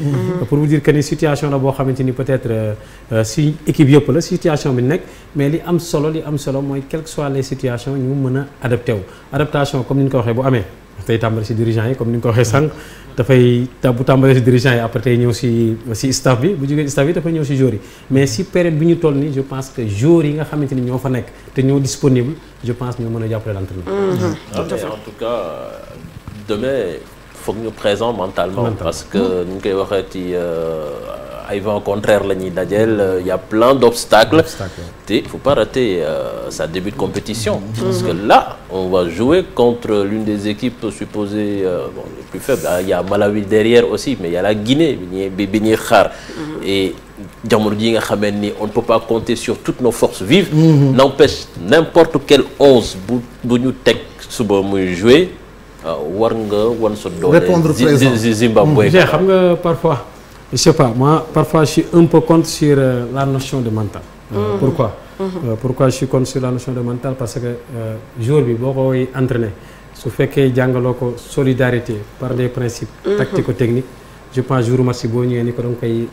pour vous dire que ni situation la boo xamante ni peut-être euh, euh, si équipe yëpp la situation bi nekk mais li am solo li am solo mooy quelles que soient les situations ñu mën a adapté wu adaptation comme ni ñu ko waxee bu amee tey tàmbali si dirigeant yi comme ni nga ko sànq dafay bu tàmbalee si dirigeant yi après tey ñëw si si staff bi bu jógee staff bi dafay ñëw si joueurs yi mais si période bi ñu toll nii je pense que joueurs yi nga xamante ni ñoo fa nekk te ñoo disponible je pense ñoo mën a jàppale l'entraîneur. Mm-hmm. Ah, en tout cas demain foog ñu présent mentalement. parce que ni ñu koy waxee ci. Euh, ay vent contraire la ñuy dajeel euh, y a plein d'obstacles te il pas rater euh, sa début de compétition mm-hmm. parce que là on va jouer contre l'une des équipes supposées euh, bon, plus faibles il ah, a Malawi derrière aussi mais il y a la Guinée bi ñuy bi ñuy et jamono ji nga xamee ni on ne peut pas compter sur toutes nos forces vives mm-hmm. n'empêche n'importe quel onze bu bu ñu teg suba jouer euh, war nga wan sa doole répondre présent Zimbabwe mm-hmm. parfois je sais pas moi parfois je suis un peu sur euh, la notion de mental. Euh, mmh. pourquoi. Mmh. Euh, pourquoi je suis sur la notion de mental parce que euh, jour bi boo koy entraîner su fekkee jàngaloo ko solidarité par des principes. Mm-hmm. tactico-techniques je pense jour match boo ñëwee ni ko danga koy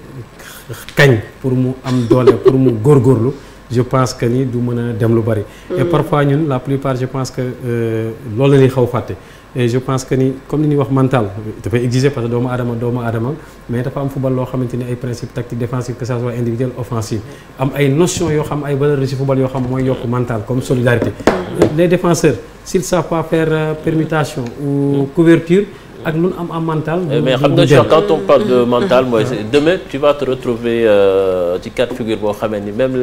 kañ pour mu am doole pour mu góor góorgóorlu je pense que ni du mën a dem lu bari. et mm-hmm. parfois ñun la plupart je pense que euh, loolu la ñuy xaw fàtte. et je pense que ni comme li ñuy wax mental dafay exiger parce que doomu aadama doomu aadama mais dafa am football loo xamante ni ay principe tactique défensif que ça soit individuel offensif am ay notion yoo xam ay valeurs ci football yoo xam mooy yokk mental comme solidarité les défenseurs s'ils savent pas faire euh, permutation ou couverture ak lu am am mental. Eh, mais xam nga genre quand on de mental mooy demain tu vas te retrouver euh, ci euh, cas boo xamee ni même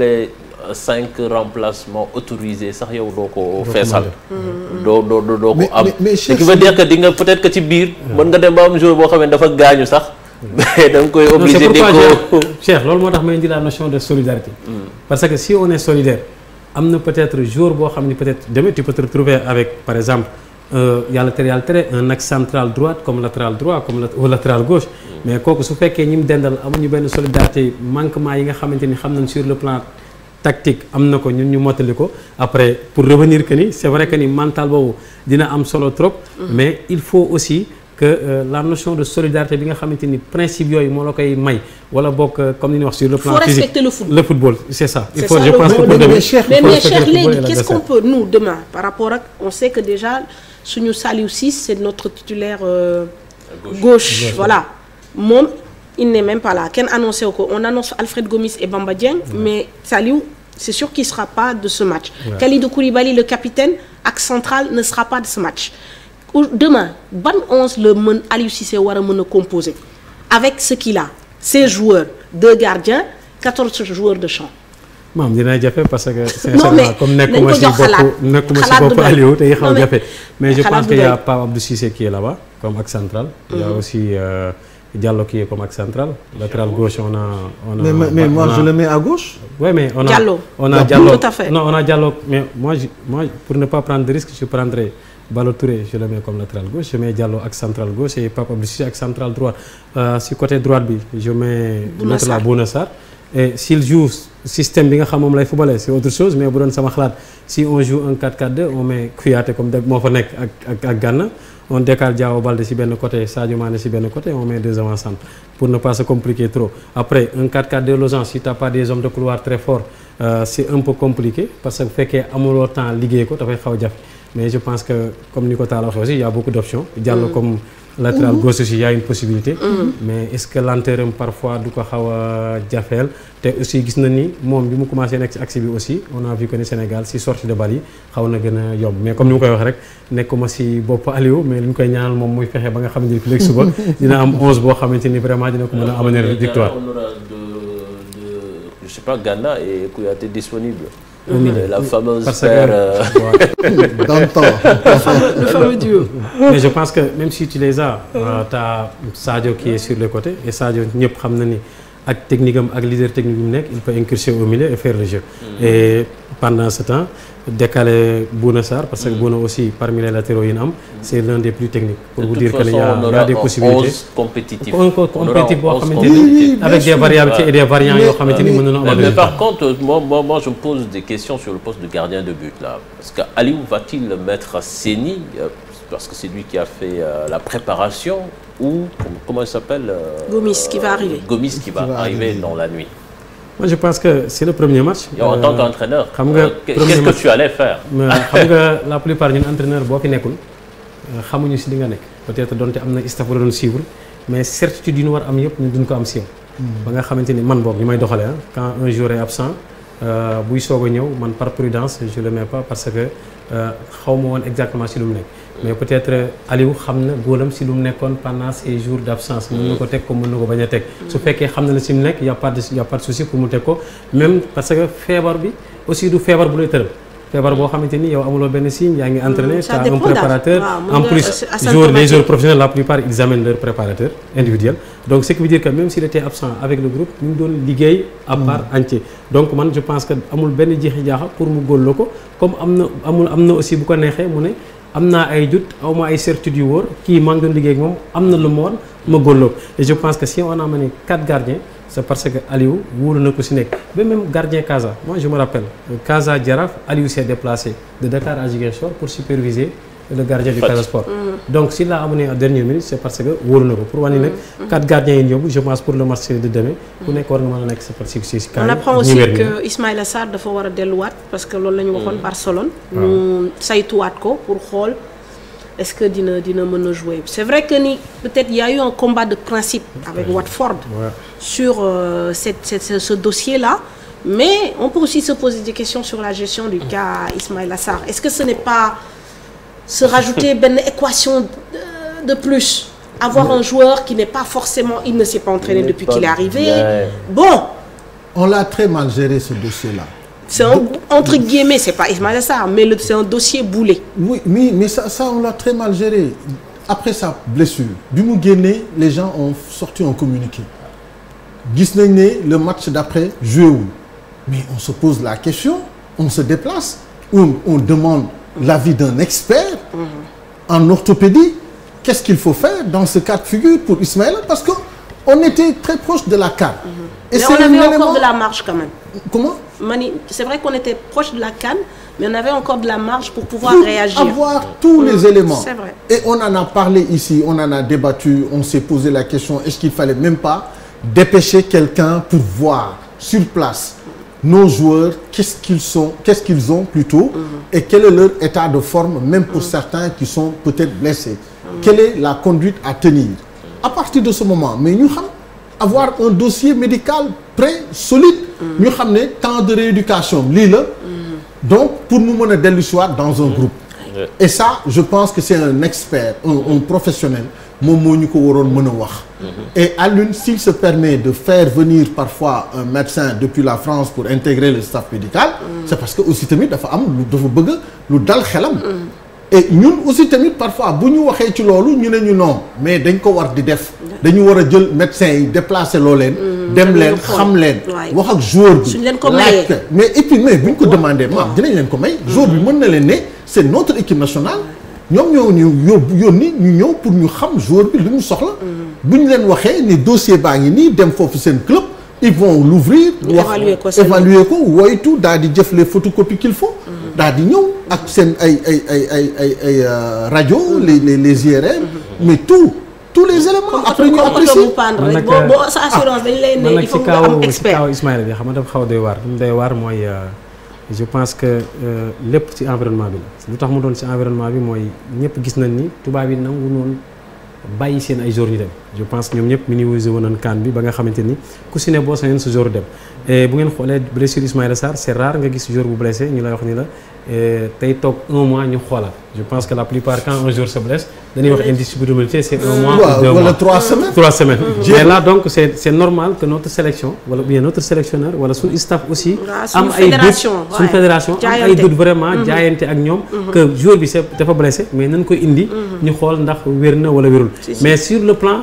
cinq remplacements autorisés sax yow doo ko feesal mm-hmm. Mm-hmm. doo doo doo ko am di nga peut-être que ci biir mën nga dem ba am jour boo xam ne dafa gaañu sax da koy obligé di de solidarité mm. parce que si on est solidaire am na peut euh, mm. kooku su fekkee ñi mu dendal amuñu benn solidarité manquement yi nga xamante ni xam nañ sur le plan tactique am na ko ñun ñu mottali ko après pour revenir que ni c'est vrai que ni mental boobu dina am solo trop. Mm. mais il faut aussi que euh, la notion de solidarité bi nga xamante ni principe yooyu moo la koy may wala bokk euh, comme ni ñuy wax sur le plan physique. il faut respecter le football le football c'est ça. il faut ça, je pense que pour demain mais mais Cheikh léegi qu'est-ce qu'on peut nous demain par rapport ak on que déjà suñu Saliou Ciss c'est notre titulaire. Euh, gauche. gauche voilà moom. il n'est même pas là kenn annoncé ko on annonce Alfred Gomis et Bamba mais Saliou c'est sûr qu'il sera pas de ce match ouais. Kalidou Koulibaly le capitaine ak central ne sera pas de ce match demain ban onze le mën Aliou Cissé war a mën a composer avec ce qu'il a ses joueurs deux gardiens quatorze joueurs de champ moom dinaa jafe parce que sincèrement comme nekkuma si bopp nekkuma si bopp Aliou tey mais je pense qu'il y a Pape Abdou qui est là-bas comme ak central Diallo qui est comme axe central. latéral gauche on a. on a mais, mais, mais moi a... je le mets à gauche. oui mais on a Diallo on a Diallo tout à fait. non on a Diallo mais moi je moi pour ne pas prendre de risque je prendrai Ballo Touré je le mets comme latéral gauche je mets Diallo axe central gauche et Pape Abdou Cissé axe central droit euh, sur côté droite bi je mets. Bouna Sarr Bouna Sarr et s'il joue système bi nga xam moom lay footballé c'est autre chose mais bu doon sama xalaat si on joue un 4-4-2 on met Kouyaté comme moo fa nekk ak ak ak Gana. on décale Diao Baldé si benn côté Sadio Mané si benn côté on met deux avant-centres pour ne pas se compliquer trop après un 4-4 de losange si t'as pas des hommes de couloir très forts euh, un peu compliqué parce que bu fekkee amuloo temps liggéey ko dafay xaw jafe mais je pense que comme ni ko Talla waxee aussi il y a beaucoup d'options jàll mm. comme latéral mhm. gauche aussi y une possibilité. Mhm. mais est-ce que l'antérim parfois du ko xaw a jafeel. te aussi gis na ni moom bi mu commencé nekk ci axe bi aussi on a vu que Sénégal si sortie de balle yi xaw na gën a yomb mais comme ni mu koy wax rek nekkuma si bopp Aliou mais li ñu koy ñaanal moom muy fexe ba nga xam ne léegi suba dina am 11 boo xamante ni vraiment dina ko mën a amener victoire. je sais pas Ghana et Kouyaté disponible. la fameuse parce paire, que euh, euh, d'antan le fameux duo mais je pense que même si tu les as euh, tu as Sadio qui est sur le côté et Sadio ñëpp xam na ni ak technique am ak leader technique bi mu nekk il peut incurser au milieu et faire le jeu. Mm-hmm. pendant ce temps décaler Bouna Sarr parce que mm-hmm. Bouna aussi parmi les latéraux yi ñu mm-hmm. l'un des plus techniques. pour vous dire que y' compétitive. avec des variabilités et des variants yoo xamante ni mën nañoo. mais par contre moi moi que Aliou va-t-il mettre Séni euh, parce que c'est lui qui a fait euh, la préparation. ou comment il s'appelle euh, Gomis qui va arriver. Gomis qui va, qui dans la nuit. je pense que c'est le premier match. Yo, en tant euh, qu'entraîneur, euh, qu'est-ce que tu allais euh, xam nga la plupart ñun entraîneur boo fi nekkul xamuñu si li nga nekk peut-être doonte am na staff bu doon suivre mais certitude yi ñu war am yëpp ñu duñ ko am si yow. Hmm. ba nga xamante ni man boobu ñu may doxalee ah quand un jour est absent buy soog a ñëw man par prudence je le mets pas parce que xaw ma woon exactement si lu mu nekk. mais peut-être Aliou xam na góolam si lu mu nekkoon pendant ces jours d'absence. mën na ko teg ko mën na ko bañ a teg. su fekkee xam na la si mu nekk y a pas de y pour mu teg ko même parce que feebar bi aussi du feebar bu lay tëral. feebar boo xamante ni yow amuloo benn signe yaa ngi hmm, entre ça un préparateur en plus jour les joueurs professionnels la plupart ils amènent leur préparateur donc ce qui veut que même s'il était absent avec le groupe hmm. man je pense que amul benn jeexi jaaxa pour mu góol la ko comme am am na aussi bu ko neexee mu ne am naa ay doute aw ma ay certitude yu wóor kii maa doon liggéey ak moom am na lu mu woon ma góorloo et je pense que si on a mené quatre gardiens c' est parce que Aliou wóolu na ko si nekk ba même gardien Casa moi je me rappelle Casa Jaraaf Aliou s' est déplacé de Dakar à pour superviser. le gardien du Casa Sport mm. donc s'il l'a amené en dernière minute c'est parce que wóolu na pour wane nag mm. mm. quatre gardiens yi yóbbu je pense pour le match de demain a nekk sa partie si on apprend aussi que Ismaïla Sarr dafa war a parce que loolu la ñu Barcelone ñu ah. saytuwaat ko pour xool est-ce que dina dina mën a jouer c'est vrai que ni peut-être y a eu un combat de principe avec Watford ouais. sur euh, cette, cette, ce dossier-là mais on peut aussi se poser des questions sur la gestion du cas Ismaïla se rajouter benn équation euh, de plus avoir un joueur qui n'est pas forcément il ne s'est pas entraîné il depuis qu'il est arrivé yeah. bon on l'a très mal géré ce dossier-là c'est un entre guillemets c'est pas Ismaïla Sarr mais le c'est un dossier boulet oui mais mais ça ça on l'a très mal géré après sa blessure bi mu génnee les gens ont sorti un communiqué gis nañ ne le match d'après joué wul mais on se pose la question on se déplace on on demande l'avis d'un expert mmh. en orthopédie qu'est-ce qu'il faut faire dans ce cas de figure pour Ismaïla parce que on était très proche de la CAN mmh. et c'est un élément encore de la marge quand même comment mani c'est vrai qu'on était proche de la CAN mais on avait encore de la marge pour pouvoir pour réagir avoir tous mmh. les mm, éléments c'est vrai et on en a parlé ici on en a débattu on s'est posé la question est-ce qu'il fallait même pas dépêcher quelqu'un pour voir sur place nos joueurs qu'est-ce qu'ils sont qu'est-ce qu'ils ont plutôt mhm. et quel est leur état de forme même pour mhm. certains qui sont peut-être blessés mhm. quelle est la conduite à tenir à partir de ce moment mais ñu xam avoir un dossier médical prêt solide ñu xam ne temps de rééducation lii la donc pour mu mën a dellu soir dans un groupe et ça je pense que c'est un expert un, un professionnel moom moo ñu ko waroon mën a wax Mhm. Et à l'une, se permet de faire venir parfois un médecin depuis la France pour intégrer le staff médical, mhm. c'est parce que aussi tamit dafa am lu dafa bëgg lu dal xelam. Mhm. et ñun aussi tamit parfois bu ñu waxee ci loolu ñu ne ñu non mais dañ ko war di def dañu war a jël médecin yi déplacé loo leen dem leen xam leen wax ak jour bi laaj ko mais et puis mais bu ñu ko demandé maam dinañ leen ko may joueur bi mën na leen ne c'est notre équipe nationale ñoom ñoo ñu yóbbu yónni ñu ñëw pour ñu xam joueur li mu soxla bu ñu leen waxee ni dossier baa ngi nii dem foofu seen club ils vont l'ouvrir wax évaluer ko woytu daal di jëf les photocopies qu'il faut mm-hmm. daal di ñëw ak seen ay ay ay ay ay ay euh, rajo mm-hmm. les les les IRM mm-hmm. mais tout tous les éléments après ñu apprécier boo boo sa assurance ah, dañu lay ne il faut bi xam nga dafa xaw doy waar mu waar mooy euh, je pense que euh, lépp ci environnement bi la lu tax mu doon ci environnement bi mooy ñëpp gis nañ ni tubaab yi nangu noonu bàyyi seen ay jour ñu dem je pense ñoom ñëpp minimiser woon nañ kaan bi ba nga xamante ni ku si ne boo sañoon sa jour dem et bu ngeen xoolee blessure Ismaïla Sarr c'est rare nga gis jour bu blessé ñu lay wax ni la tey toog un mois ñu xoolaat je pense que la plupart quand un jour se blesse dañuy wax indisponibilité c'est un mois ou deux mois wala trois semaines trois semaines. mais là donc c'est normal que notre sélection wala bien notre sélectionneur wala suñu staff aussi. am ay doute suñu fédération am ay doute vraiment mhm. jaayante ak ñoom. Mhm. que joueur bi c'est dafa blessé mais nañ koy indi. Mhm. ñu xool ndax wér na wala wérul. mais sur le plan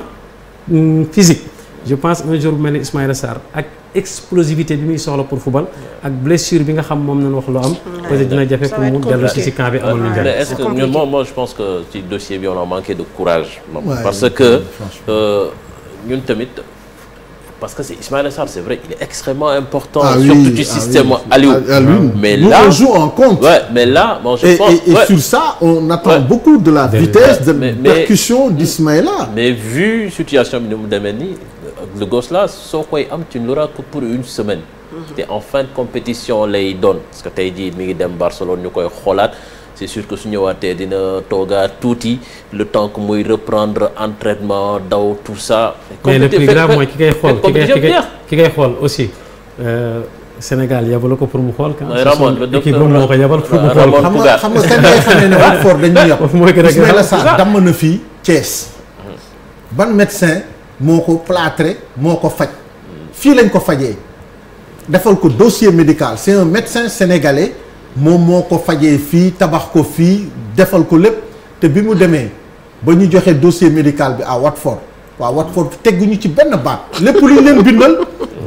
mm, physique je pense un jour bu mel ni Ismaïla Sarr ak. explosivité bi muy soxla pour football ak blessure bi nga xam moom nañ wax lu am peut-être dina jafe pour mu dellu si si camp bi amul lu njëriñ est-ce que ñun moom moi je pense dossier bi euh, tamit parce que c'est Ismaël Sarr c'est vrai il est extrêmement important ah oui, surtout système ah oui, Aliou mais Nous là on joue en compte ouais, mais là bon et, sur ça on attend beaucoup de la vitesse de mais, percussion d'Ismaïla mais vu situation bi ni mu demee nii le gosse soo koy am tu ne l'auras que pour une semaine. Mhm. te en compétition lay doon parce que tey jii mi ngi dem Barcelone ñu koy xoolaat. c'est sûr que su ñëwaatee dina toogaa tuuti le temps que muy reprendre entraînement daw tout ça. mais le plus ki ngay xool ki ki ngay xool aussi. Euh, Sénégal yabal ko pour mu xool. mooy Ramon le docteur Ramon moo ko yabal pour mu xool. xam nga xam nga seen ngay xamee ne Watford dañuy yab. a Ismaïla Sarr damm na fii Thiès. ban médecin. moo ko plâtré moo ko faj fii lañ ko fajee defal ko dossier médical se un médecin sénégalais moom moo ko fajee fii tabax ko fii defal ko lépp te bi mu demee ba ñu joxe dossier médical bi à Watford waaw Watford tegguñu ci benn baat lépp lu ñu leen bindal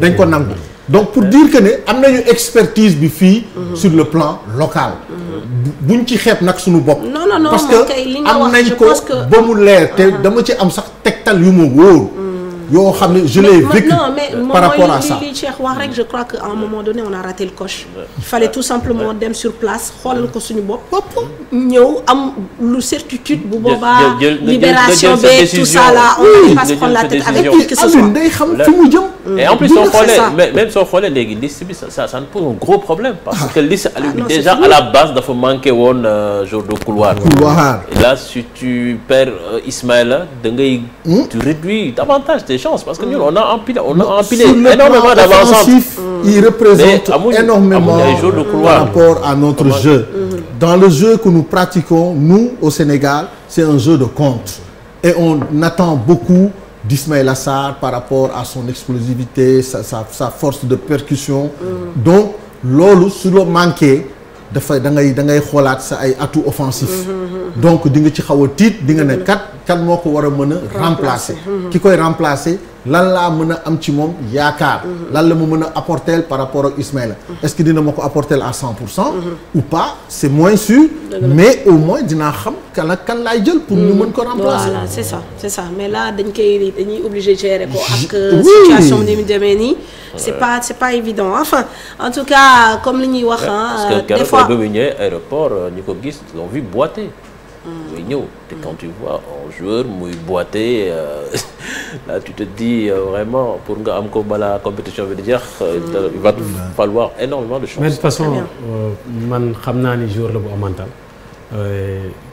dañ ko nangu donc pour diir que ne am nañu expertise bi fii sur le plan local buñ ci xeeb nag suñu bopp parce que am nañ ko ba mu leer te uh-huh. dama ci am sax tegtal yu ma wóor yoo xam ne je l'ai vécu par rapport à ça mais li Cheikh wax rek je crois que à un moment donné on a raté le coche. il fallait tout simplement dem sur place xoolal ko suñu bopp. bopp ñëw am lu certitude. bu boobaa libération bee tout ça là on ne passe pas la tête avec qui que ce soit day xam fi mu jëm. Mm. et en plus soo xoolee même soo xoolee léegi liste bi ça ça nous pose un gros problème. parce ah. que liste Aliou bi ah déjà à la base dafa manqué woon euh, jour de couloir. couloir là si tu perds euh, Ismaïla da ngay. Hmm? tu réduis davantage tes chances parce que ñun on a empilé on a empilé énormément d'avancées il représente énormément par rapport à notre jeu mm-hmm. dans le jeu que nous pratiquons nous au Sénégal c'est un jeu de compte et on attend beaucoup d'Ismaïla Sarr par rapport à son explosivité sa sa sa force de percussion mm-hmm. donc loolu su la manqué dafay da ngay sa ay atout offensif mm-hmm, mm-hmm. donc di ci xaw a tiit di nga ne mm-hmm. kat kat moo ko war a a remplacer ki koy remplacer lan laa mën a am ci moom yaakaar lan la ma mën a par rapport ak Ismaïla est-ce que dina ma ko apporter à cent pour cent ou pas c'est moins sûr mais au moins dinaa xam kan ak kan laay jël pour ñu mën ko remplacer c'est ça c'est ça mais la dañ koy dañuy obligé gérer ko ak euh, situation ni mu demee nii c'est pas c'est pas évident ah ba muy aéroport ñu euh, ko gis l'ont vu boiter. mooy ñëw te quand tu vois un muy boiter euh, tu te dis euh, vraiment pour nga am ko bala compétition bi di jeex. Mm. il va te mm. falloir énormément de chance. mais man xam naa ni joueur la bu amantal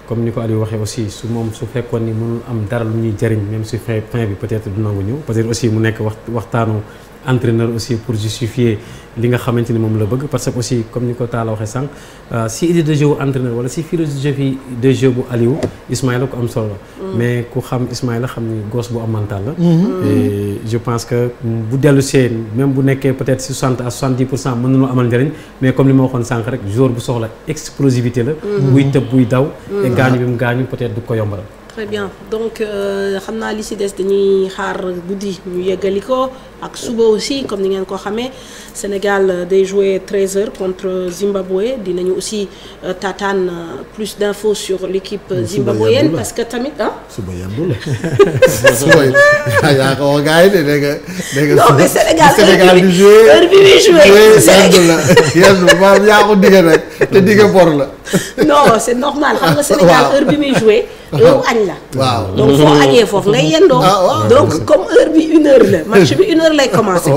comme ni ko Aliou waxee aussi su moom su fekkoon ni mënul am dara lu ñuy jariñ même si fin fin bi peut-être du nangu ñëw peut-être aussi mu nekk waxtaanu. entraîneur aussi pour justifier li nga xamante ni moom la bëgg parce que aussi comme ni ko Talla waxee sànq euh, si idée de jeu wu entraîneur wala si philosophie de jeu bu Aliou Ismaïla ko am solo mm. mais ku xam Ismaïla xam ni gosse bu am mental la. Mm-hmm. je pense que bu dellu seen même bu nekkee peut-être si 60 à 70 pour cent mën nañoo amal njëriñ mais comme li ma waxoon sànq rek jour bu soxla explosivité la. Mm-hmm. buy tëb buy daw. Mm-hmm. te gaañu bi mu gaañu peut-être du ko très bien donc euh, xam naa li si des dañuy xaar guddi ñu li ko ak suba aussi comme ni ngeen ko xamee Sénégal euh, day jouer 13 heures contre Zimbabwe dinañu aussi euh, taataan plus d' infos sur l' équipe zimbabwéenne parce que tamit ah. suba yaa ko wax yi de dégg nga. Sénégal di jouer heure bi muy jouer la yenn maam yaa ko digg te digg bor la. non c' normal xam nga Sénégal heure bi muy jouer. heure añ la. waaw donc foo añee foofu ngay yendoo. Ah, donc comme heure bi une heure la match bi une heure lay commencé.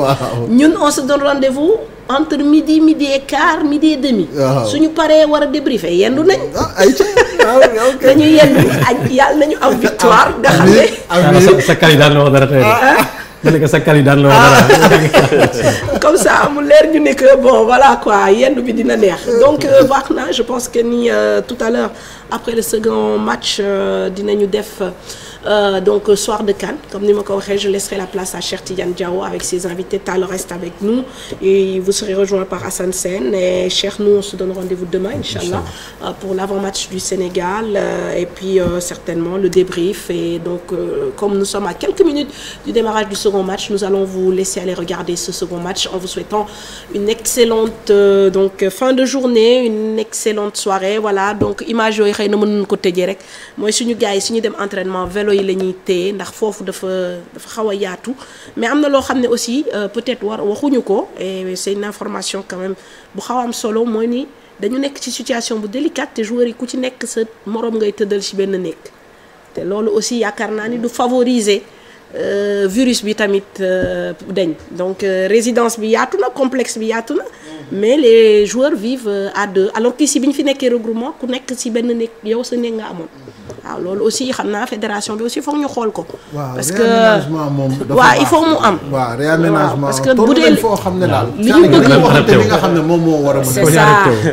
ñun on se donne rendez entre midi midi et quart midi et demi. suñu paree war a débriefer yendu nañ. dañuy ah, ah, yendu añ yàlla nañu am victoire. nga xam ne sa kali daan la wax dara tey de. sa kali daan la wax dara. comme ça mu leer ñu nekk que bon voilà quoi yendu bi dina neex. Euh. donc wax euh, na je pense que ni euh, tout à l'heure après le second match euh, dinañu def euh, donc soir de CAN comme ni ma ko waxee je laisserai la place à Cheikh Tidiane Diawo avec ses invités Tall reste avec nous et vous serez rejoint par Assane Sène et Cheikh nous on se donne rendez-vous demain inchallah euh, pour l'avant-match du Sénégal et puis certainement le débrief et donc comme nous sommes à quelques minutes du démarrage du second match nous allons vous laisser aller regarder ce second match en vous souhaitant une excellente euh, donc euh, fin de journée une excellente soirée voilà donc image yooyu xëy na mën nañu ko tëjee rek mooy suñu gars yi suñu dem entraînement vélo yi la ñuy téye ndax foofu dafa dafa xaw a yaatu mais am na loo xam ne aussi euh, peut-être war waxuñu ko et c'est une information quand bu xaw am solo mooy ni dañu nekk ci situation bu délicate te joueurs yi ku ci nekk sa moroom ngay tëddal ci benn nekk te loolu aussi yaakaar naa ni du favoriser. Euh, virus bi tamit euh, dañ donc euh, résidence bi yaatu na complexe bi yaatu na mais les joueurs vivent à deux alors que si bi ñu fi nekkee regroupement ku nekk si benn néeg yow sa néeg nga amoon waaw loolu aussi xam naa fédération bi aussi foog ñu xool ko. parce que waaw il faut mu am. waaw réaménagement parce que bu dee xam ne daal. li ñu xam ne moom moo war a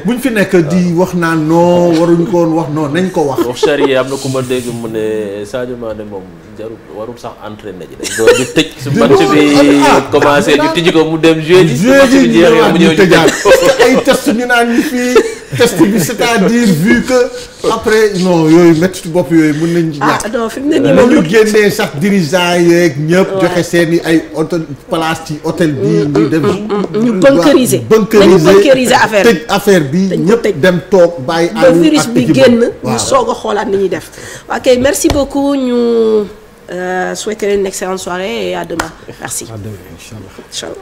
mën fi nekk di wax naan non waruñ ko woon wax non nañ ko wax. wax charia am na ku ma dégg mu ne Sadio Mané moom. jarul warul sax entraîné ji dañ doon di tëj su match bi ah, ah, ah. commencé ñu tijji ko mu ji match yooyu mën nañ ñàkk ah non fi mu sax dirigeant yeeg ñëpp joxe seen ay hôtel place ci hôtel mm, mm, mm, bi ñu dem ñu bunkériser bunkériser affaire tëj affaire bi ñëpp dem toog bàyyi ba virus bi génn ñu soog xoolaat ni ñuy def ok merci beaucoup Euh, souhaitez une excellente soirée et à demain. Merci. À demain, Inch'Allah.